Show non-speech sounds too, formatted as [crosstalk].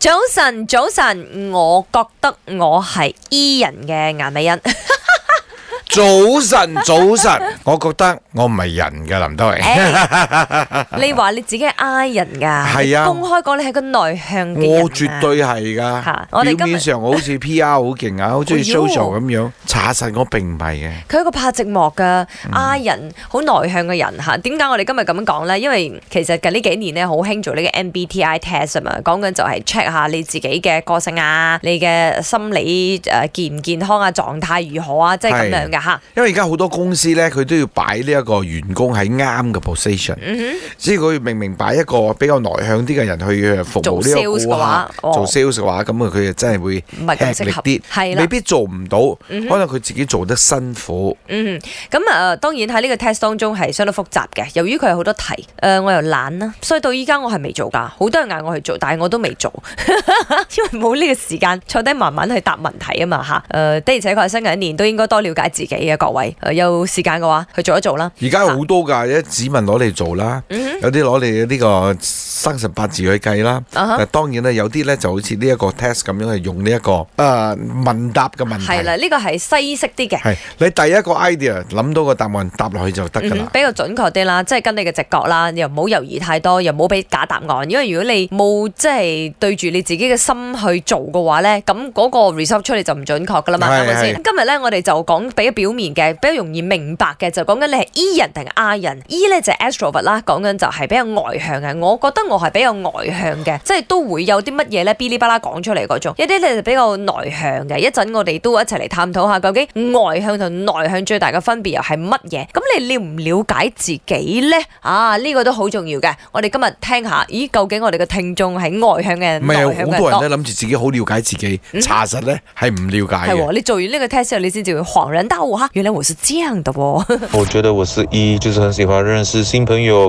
早晨，早晨，我覺得我係 e 人嘅顏美欣。早晨，早晨，我覺得我唔係人嘅林德榮、 [laughs] 欸。你話你自己係 I 人㗎？係啊，公開講你係個內向嘅人、啊。嘅我絕對係㗎、啊。我哋表面上好似 PR 好勁啊，好中意 social 咁、哎、呦樣。查實我並唔係嘅。佢係一個怕寂寞嘅 I、嗯、人，好內向嘅人嚇。點解我哋今日咁樣講咧？因為其實近呢幾年咧好興做呢個 MBTI test 啊嘛，講緊就係 check 下你自己嘅個性啊，你嘅心理誒健唔健康啊，狀態如何啊，即係咁樣嘅。因為而家好多公司咧，佢都要擺呢一個員工喺啱嘅 position，即係佢明明擺一個比較內向啲嘅人去服務呢一個顧客，做 sales 嘅話，哦、做 sales 嘅話，咁啊佢啊真係會吃力啲，係啦，未必做唔到，嗯、哼可能佢自己做得辛苦。咁啊、嗯呃、當然喺呢個 test 當中係相當複雜嘅，由於佢有好多題，誒、呃、我又懶啦，所以到依家我係未做㗎。好多人嗌我去做，但係我都未做， [laughs] 因為冇呢個時間坐低慢慢去答問題啊嘛嚇。誒、呃、的而且確喺新嘅一年都應該多了解自自己嘅各位，有時間嘅話去做一做啦。而家好多㗎，一啲指紋攞嚟做啦。嗯有啲攞你呢個生辰八字去計啦，當、uh huh. 當然呢，有啲咧就好似呢一個 test 咁樣係用呢、這、一個誒、呃、問答嘅問題。係啦，呢、這個係西式啲嘅。你第一個 idea 諗到個答案答落去就得㗎啦。比較準確啲啦，即係跟你嘅直覺啦，又唔好猶豫太多，又唔好俾假答案，因為如果你冇即係對住你自己嘅心去做嘅話咧，咁嗰個 result 出嚟就唔準確㗎啦嘛，係咪先？今日咧我哋就講比較表面嘅，比較容易明白嘅，就講緊你係 E 人定係 I 人。E 咧就 extrovert 啦，講緊就是。係比較外向嘅，我覺得我係比較外向嘅，即係都會有啲乜嘢咧，噼里啪啦講出嚟嗰種。一啲咧就比較內向嘅。一陣我哋都一齊嚟探討下，究竟外向同內向最大嘅分別又係乜嘢？咁你了唔了解自己咧？啊，呢、這個都好重要嘅。我哋今日聽下，咦，究竟我哋嘅聽眾係外向嘅人，唔係好多人咧諗住自己好了解自己，查、嗯、實咧係唔了解嘅、哦。你做完呢個 test 你先至會恍然大悟原來我是這樣的噃、哦。我覺得我是一、e,，就是很喜歡認識新朋友